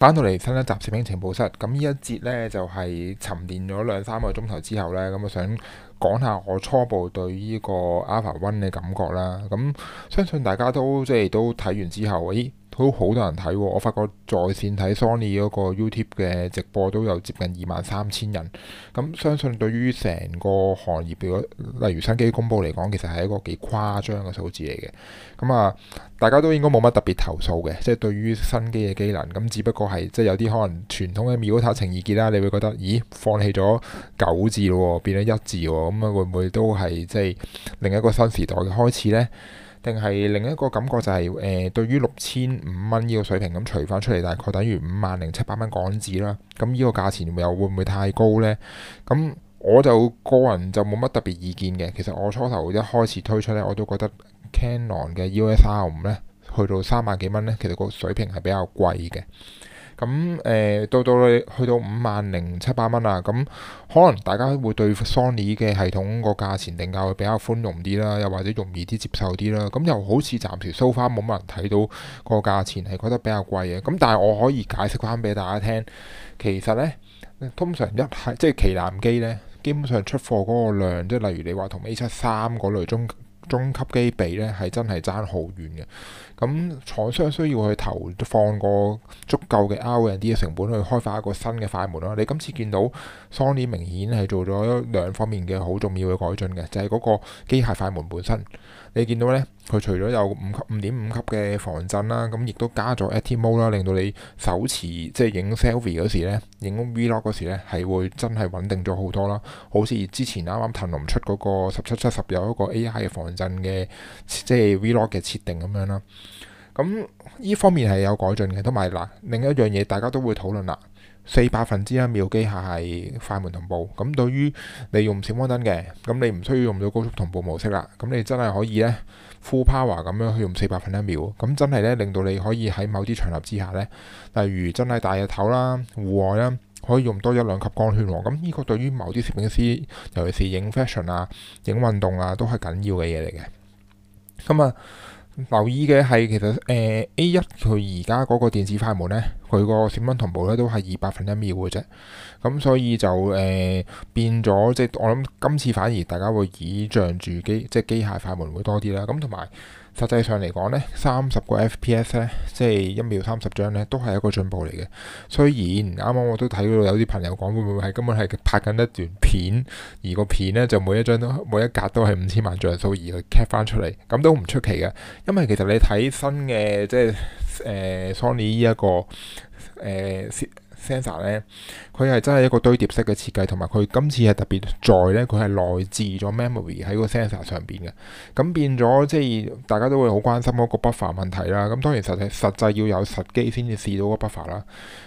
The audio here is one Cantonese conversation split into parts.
返到嚟新一集攝影情報室，咁呢一節呢，就係、是、沉澱咗兩三個鐘頭之後呢。咁我想講下我初步對呢個 Alpha One 嘅感覺啦。咁相信大家都即係都睇完之後，誒、欸。都好多人睇喎、哦，我發覺在線睇 Sony 嗰個 YouTube 嘅直播都有接近二萬三千人，咁、嗯、相信對於成個行業，如果例如新機公佈嚟講，其實係一個幾誇張嘅數字嚟嘅。咁、嗯、啊，大家都應該冇乜特別投訴嘅，即係對於新機嘅機能，咁、嗯、只不過係即係有啲可能傳統嘅秒殺情意結啦，你會覺得，咦，放棄咗九字咯、哦，變咗一字喎，咁、嗯、啊會唔會都係即係另一個新時代嘅開始呢？定係另一個感覺就係、是、誒、呃，對於六千五蚊呢個水平咁除翻出嚟，大概等於五萬零七百蚊港紙啦。咁呢個價錢又會唔會太高呢？咁我就個人就冇乜特別意見嘅。其實我初頭一開始推出呢，我都覺得 Canon 嘅 EOS R 五呢，去到三萬幾蚊呢，其實個水平係比較貴嘅。咁誒、嗯，到到你去到五萬零七百蚊啊！咁、嗯、可能大家會對 Sony 嘅系統個價錢定價會比較寬容啲啦，又或者容易啲接受啲啦。咁、嗯、又好似暫時收翻冇乜人睇到個價錢係覺得比較貴嘅。咁、嗯、但係我可以解釋翻俾大家聽，其實呢，通常一係即係旗艦機呢，基本上出貨嗰個量，即係例如你話同 A 七三嗰類中。中級機比咧係真係爭好遠嘅，咁廠商需要去投放個足夠嘅 R&D 嘅成本去開發一個新嘅快門咯。你今次見到 Sony 明顯係做咗兩方面嘅好重要嘅改進嘅，就係嗰個機械快門本身。你見到咧，佢除咗有五級五點五級嘅防震啦，咁亦都加咗 Atmo 啦，令到你手持即係影 selfie 嗰時咧，影 Vlog 嗰時咧，係會真係穩定咗好多啦。好似之前啱啱騰龍出嗰個十七七十有一個 AI 嘅防震嘅，即係 Vlog 嘅設定咁樣啦。咁呢方面係有改進嘅，同埋嗱另一樣嘢大家都會討論啦。四百分之一秒機械係快門同步，咁對於你用閃光燈嘅，咁你唔需要用到高速同步模式啦。咁你真係可以呢 full power 咁樣去用四百分一秒，咁真係呢，令到你可以喺某啲場合之下呢，例如真係大日頭啦、戶外啦，可以用多一兩級光圈喎。咁呢個對於某啲攝影師，尤其是影 fashion 啊、影運動啊，都係緊要嘅嘢嚟嘅。咁啊～留意嘅係，其實誒、呃、A1 佢而家嗰個電子快門呢，佢個閃燈同步呢都係二百分一秒嘅啫，咁、嗯、所以就誒、呃、變咗，即係我諗今次反而大家會倚仗住機，即係機械快門會多啲啦，咁同埋。實際上嚟講咧，三十個 FPS 咧，即係一秒三十張咧，都係一個進步嚟嘅。雖然啱啱我都睇到有啲朋友講會唔會係根本係拍緊一段片，而個片咧就每一張都每一格都係五千萬像素而去 capture 翻出嚟，咁都唔出奇嘅。因為其實你睇新嘅即係誒、呃、Sony 呢、這、一個誒。呃 S Sensor 咧，佢係真係一個堆疊式嘅設計，同埋佢今次係特別在咧，佢係內置咗 memory 喺個 sensor 上邊嘅，咁變咗即係大家都會好關心嗰個 buffer 問題啦。咁當然實際實際，要有實機先至試到個 buffer 啦。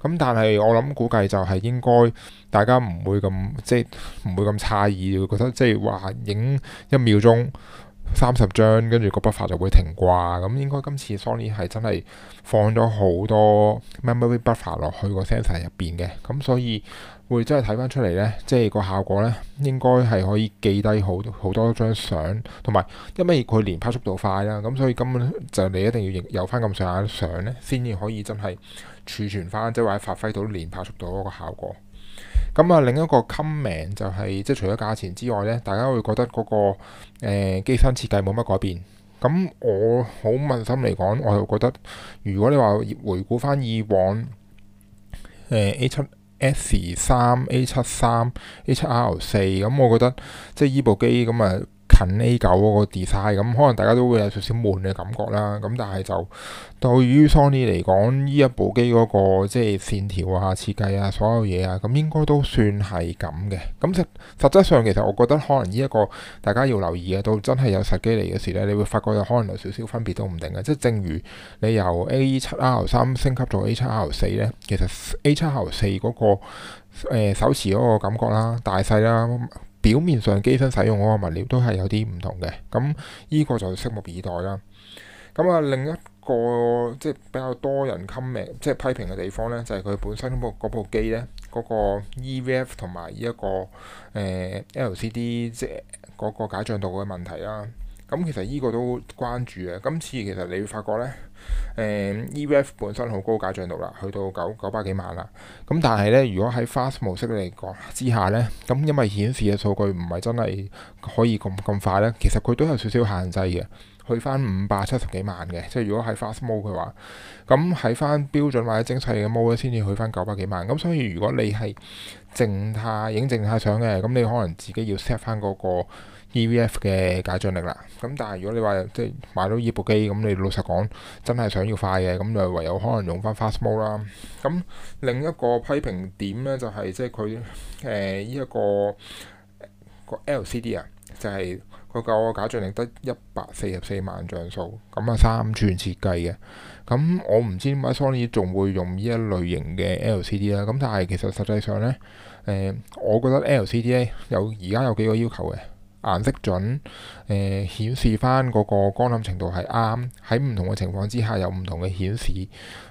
咁但係我諗估計就係應該大家唔會咁，即係唔會咁詫異，會覺得即係話影一秒鐘，三十張，跟住個 buffer 就會停啩，咁應該今次 Sony 係真係放咗好多 memory buffer 落去個 sensor 入邊嘅，咁所以會真係睇翻出嚟呢，即係個效果呢應該係可以記低好好多張相，同埋因為佢連拍速度快啦，咁所以根本就你一定要有翻咁上下相呢，先至可以真係儲存翻，即係或者發揮到連拍速度嗰個效果。咁啊、嗯，另一個 comment 就係、是、即係除咗價錢之外咧，大家會覺得嗰、那個誒機、呃、身設計冇乜改變。咁我好問心嚟講，我又覺得如果你話回顧翻以往，誒 A 七 S 三、A 七三、嗯、A 七 R 四，咁我覺得即係依部機咁啊。嗯近 A 九嗰個 design 咁，可能大家都會有少少悶嘅感覺啦。咁但係就對於 Sony 嚟講，呢一部機嗰、嗰個即係線條啊、設計啊、所有嘢啊，咁應該都算係咁嘅。咁實，實質上，其實我覺得可能呢一個大家要留意啊，到真係有實機嚟嘅時咧，你會發覺有可能有少少分別都唔定嘅。即係正如你由 A 七 R 三升級做 A 七 R 四咧，其實 A 七 R 四嗰、嗰個、呃、手持嗰個感覺啦、大細啦。表面上機身使用嗰個物料都係有啲唔同嘅，咁依個就拭目以待啦。咁啊，另一個即係、就是、比較多人 comment 即係批評嘅地方呢，就係、是、佢本身嗰部，部機呢，嗰、那個 EVF 同埋、這、呢一個誒、呃、LCD 即係嗰個解像度嘅問題啦。咁其實依個都關注嘅。今次其實你會發覺呢。誒、uh，EVF 本身好高解像度啦，去到九九百幾萬啦。咁但係呢，如果喺 Fast 模式嚟講之下呢，咁因為顯示嘅數據唔係真係可以咁咁快呢，其實佢都有少少限制嘅，去翻五百七十幾萬嘅。即係如果喺 Fast Mode 嘅話，咁喺翻標準或者精細嘅 Mode 先至去翻九百幾萬。咁所以如果你係靜態影靜態相嘅，咁你可能自己要 set 翻嗰個。E.V.F 嘅解像力啦，咁但係如果你話即係買到呢部機，咁你老實講真係想要快嘅，咁就唯有可能用翻 Fast Mode 啦。咁另一個批評點咧就係、是、即係佢誒呢一個、呃這個 L.C.D 啊，就係嗰個解像力得一百四十四萬像素，咁啊三吋設計嘅。咁我唔知點解 Sony 仲會用呢一類型嘅 L.C.D 啦。咁但係其實實際上咧，誒、呃、我覺得 L.C.D 有而家有幾個要求嘅。顏色準，誒、呃、顯示翻嗰個光暗程度係啱，喺唔同嘅情況之下有唔同嘅顯示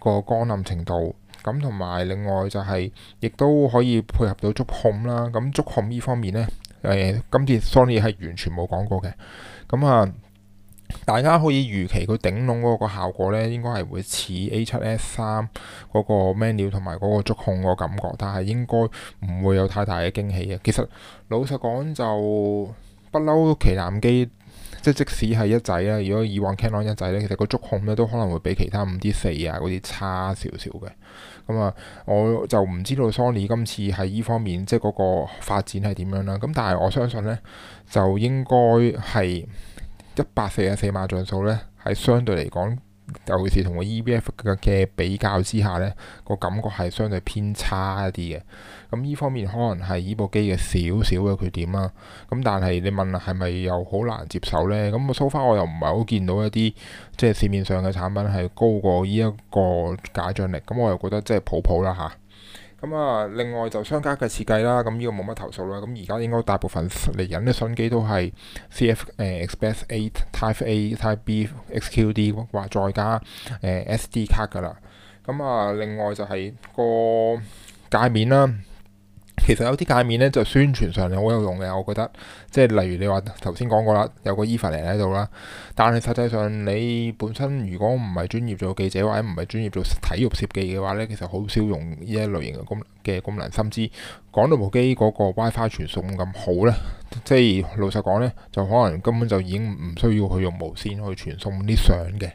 個光暗程度，咁同埋另外就係亦都可以配合到觸控啦，咁觸控呢方面呢，誒、呃、今次 Sony 係完全冇講過嘅，咁啊大家可以預期佢頂籠嗰個效果呢，應該係會似 A 七 S 三嗰個 menu 同埋嗰個觸控個感覺，但係應該唔會有太大嘅驚喜嘅。其實老實講就～不嬲，旗艦機即係即使係一仔啦，如果以往 Canon 一仔咧，其實個觸控咧都可能會比其他五 D 四啊嗰啲差少少嘅。咁、嗯、啊，我就唔知道 Sony 今次喺依方面即係嗰個發展係點樣啦。咁、嗯、但係我相信咧，就應該係一百四啊四萬像素咧，係相對嚟講。尤其是同個 EVF 嘅比較之下呢、呢個感覺係相對偏差一啲嘅。咁呢方面可能係呢部機嘅少少嘅缺點啦。咁但係你問係咪又好難接受呢？咁 so far 我又唔係好見到一啲即係市面上嘅產品係高過呢一個解像力。咁我又覺得即係普普啦嚇。啊咁啊、嗯，另外就商家嘅設計啦，咁、嗯、呢、這個冇乜投訴啦。咁而家應該大部分嚟緊嘅新機都係 C F Express Eight Type A Type B X Q D 或再加誒、呃、S D 卡噶啦。咁、嗯、啊、嗯，另外就係個界面啦。其實有啲界面咧，就宣傳上係好有用嘅，我覺得。即係例如你話頭先講過啦，有個伊凡嚟喺度啦。但係實際上你本身如果唔係專業做記者或者唔係專業做體育攝記嘅話咧，其實好少用呢一類型嘅功能。嘅功能，甚至講到部機嗰個 WiFi 傳送咁好呢？即係老實講呢，就可能根本就已經唔需要去用無線去傳送啲相嘅。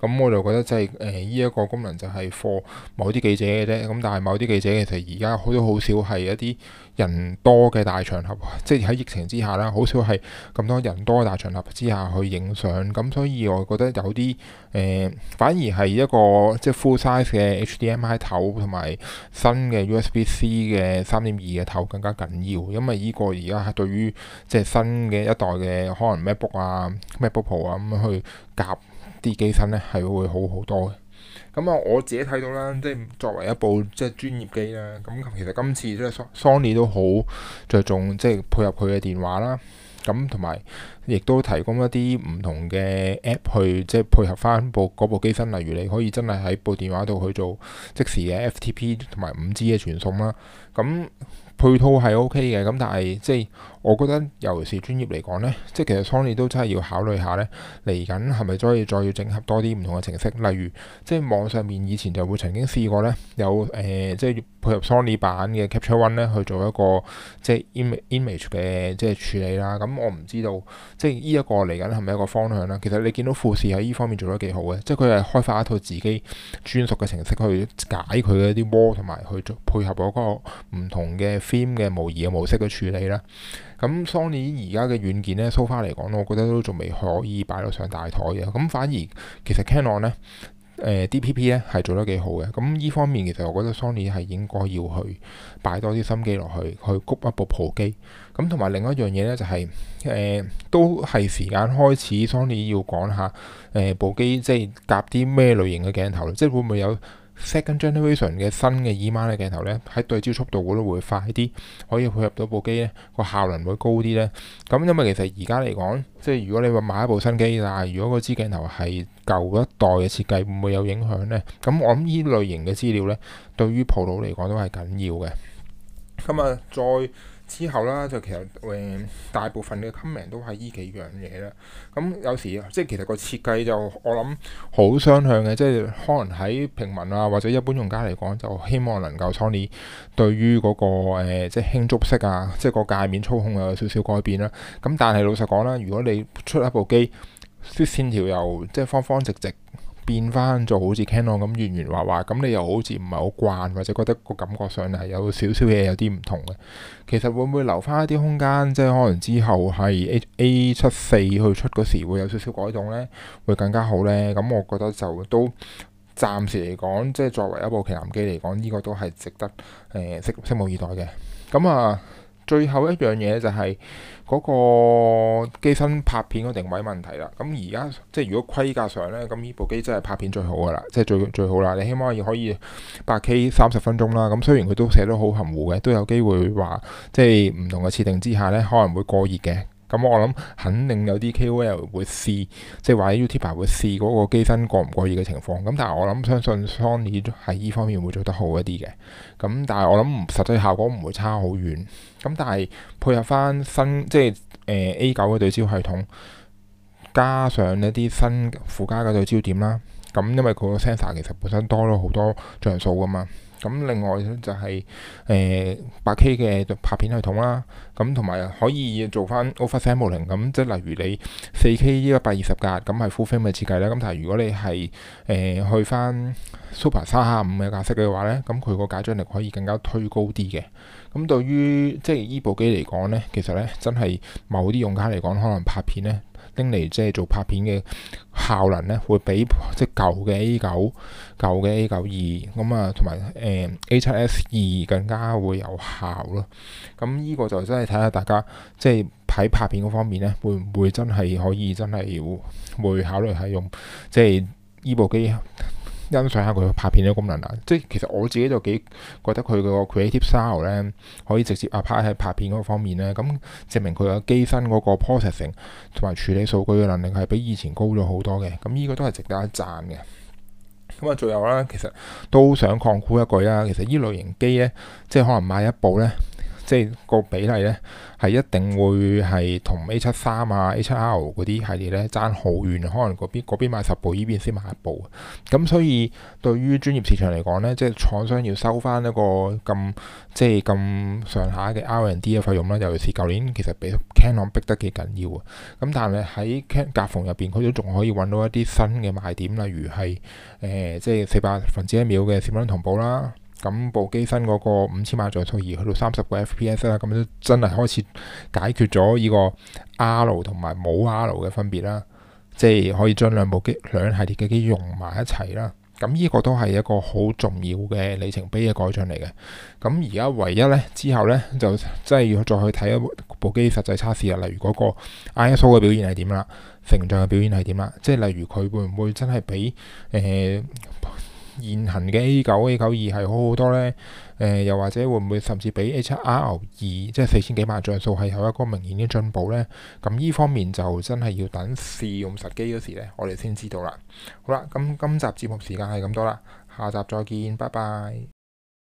咁、嗯、我就覺得即係誒呢一個功能就係 for 某啲記者嘅啫。咁、嗯、但係某啲記者其實而家都好少係一啲人多嘅大場合，即係喺疫情之下啦，好少係咁多人多嘅大場合之下去影相。咁、嗯、所以我覺得有啲誒、呃、反而係一個即係 full size 嘅 HDMI 頭同埋新嘅 USB。B、C 嘅三點二嘅頭更加緊要，因為呢個而家係對於即係新嘅一代嘅可能 MacBook 啊、MacBook Pro 啊咁、嗯、去夾啲機身咧係會好好多嘅。咁啊，我自己睇到啦，即係作為一部即係專業機啦，咁其實今次即係 Sony 都好着重即係配合佢嘅電話啦。咁同埋，亦都提供一啲唔同嘅 App 去即係配合翻部部機身，例如你可以真係喺部電話度去做即時嘅 FTP 同埋五 G 嘅傳送啦。咁、啊嗯、配套係 OK 嘅，咁但係即係。我覺得，尤其是專業嚟講呢，即係其實 Sony 都真係要考慮下呢，嚟緊係咪可以再要整合多啲唔同嘅程式，例如即係網上面以前就會曾經試過呢，有誒、呃、即係配合 Sony 版嘅 Capture One 呢去做一個即係 image 嘅即係處理啦。咁我唔知道即係呢一個嚟緊係咪一個方向啦。其實你見到富士喺呢方面做得幾好嘅，即係佢係開發一套自己專屬嘅程式去解佢嘅啲窩，同埋去配合嗰個唔同嘅 film 嘅模擬嘅模式去處理啦。咁 Sony 而家嘅軟件咧，so far 嚟講，我覺得都仲未可以擺到上大台嘅。咁反而其實 Canon 咧，誒、呃、DPP 咧係做得幾好嘅。咁依方面其實我覺得 Sony 係應該要去擺多啲心機落去，去谷一部破機。咁同埋另一樣嘢咧，就係、是、誒、呃、都係時間開始，Sony 要講下誒、呃、部機即係夾啲咩類型嘅鏡頭，即係會唔會有？Second generation 嘅新嘅 E-mount 嘅鏡頭咧，喺對焦速度嗰度會快啲，可以配合到部機咧，個效能會高啲咧。咁因為其實而家嚟講，即係如果你話買一部新機，但係如果個支鏡頭係舊一代嘅設計，會唔會有影響咧？咁我諗呢類型嘅資料咧，對於 Pro 佬嚟講都係緊要嘅。咁啊，再。之後啦，就其實誒、嗯、大部分嘅 comment 都係依幾樣嘢啦。咁、嗯、有時即係其實個設計就我諗好雙向嘅，即係可能喺平民啊或者一般用家嚟講，就希望能夠 Sony 對於嗰、那個、呃、即係輕觸式啊，即係個界面操控有少少改變啦、啊。咁、嗯、但係老實講啦，如果你出一部機啲線條又即係方方直直。變翻做好似 Canon 咁圓圓滑滑，咁你又好似唔係好慣，或者覺得個感覺上係有少少嘢有啲唔同嘅。其實會唔會留翻一啲空間，即係可能之後係 A A 七四去出嗰時會有少少改動呢，會更加好呢。咁我覺得就都暫時嚟講，即係作為一部旗艦機嚟講，呢、呢個都係值得誒拭拭目以待嘅。咁、呃、啊～最後一樣嘢就係嗰個機身拍片嘅定位問題啦。咁而家即係如果規格上呢，咁呢部機真係拍片最好噶啦，即係最最好啦。你起碼要可以八 K 三十分鐘啦。咁雖然佢都寫得好含糊嘅，都有機會話即係唔同嘅設定之下呢，可能會過熱嘅。咁我諗肯定有啲 K O L 會試，即係話 YouTuber 會試嗰個機身過唔過熱嘅情況。咁但係我諗相信 Sony 喺依方面會做得好一啲嘅。咁但係我諗實際效果唔會差好遠。咁但係配合返新即係誒、呃、A 九嘅對焦系統，加上一啲新附加嘅對焦點啦。咁因為佢個 sensor 其實本身多咗好多像素噶嘛。咁另外咧就係誒八 K 嘅拍片系統啦，咁同埋可以做翻 oversampling，咁，即係例如你四 K 呢個百二十格，咁係 Full Frame 嘅設計啦，咁但係如果你係誒、呃、去翻 Super 三十五嘅格式嘅話咧，咁佢個解像力可以更加推高啲嘅。咁對於即係依部機嚟講咧，其實咧真係某啲用家嚟講可能拍片咧。拎嚟即係做拍片嘅效能咧，會比即係舊嘅 A 九、嗯、舊嘅、嗯、A 九二咁啊，同埋誒 A 七 S 二更加會有效咯。咁、嗯、呢、這個就真係睇下大家即係喺拍片嗰方面咧，會唔會真係可以真係要會考慮係用即係呢部機。欣賞下佢拍片嘅功能啦，即係其實我自己就幾覺得佢個 creative style 咧，可以直接 apply 喺拍片嗰個方面咧，咁證明佢嘅機身嗰個 processing 同埋處理數據嘅能力係比以前高咗好多嘅。咁呢個都係值得一讚嘅。咁啊，仲有啦，其實都想擴古一句啦。其實依類型機咧，即係可能買一部咧。即係個比例咧，係一定會係同 A 七三啊、A 七 R 嗰啲系列咧爭好遠，可能嗰邊嗰邊賣十部，呢邊先賣一部。咁所以對於專業市場嚟講咧，即係廠商要收翻一個咁即係咁上下嘅 R&D 嘅費用啦。尤其是舊年其實比 Canon 逼得幾緊要啊。咁但係喺 Canon 夾縫入邊，佢都仲可以揾到一啲新嘅賣點，例如係誒、呃，即係四百分之一秒嘅閃燈同步啦。咁部機身嗰個五千萬像素而去到三十個 FPS 啦，咁都真係開始解決咗呢個 R 同埋冇 R 嘅分別啦，即係可以將兩部機兩系列嘅機用埋一齊啦。咁呢個都係一個好重要嘅里程碑嘅改進嚟嘅。咁而家唯一咧之後咧，就真係要再去睇一部機實際測試啦。例如嗰個 ISO 嘅表現係點啦，成像嘅表現係點啦，即係例如佢會唔會真係比誒、呃現行嘅 A 九 A 九二係好好多呢，誒、呃、又或者會唔會甚至比 H 七 R 二即係四千幾萬像素係有一個明顯嘅進步呢？咁呢方面就真係要等試用實機嗰時呢，我哋先知道啦。好啦，咁、嗯、今集節目時間係咁多啦，下集再見，拜拜。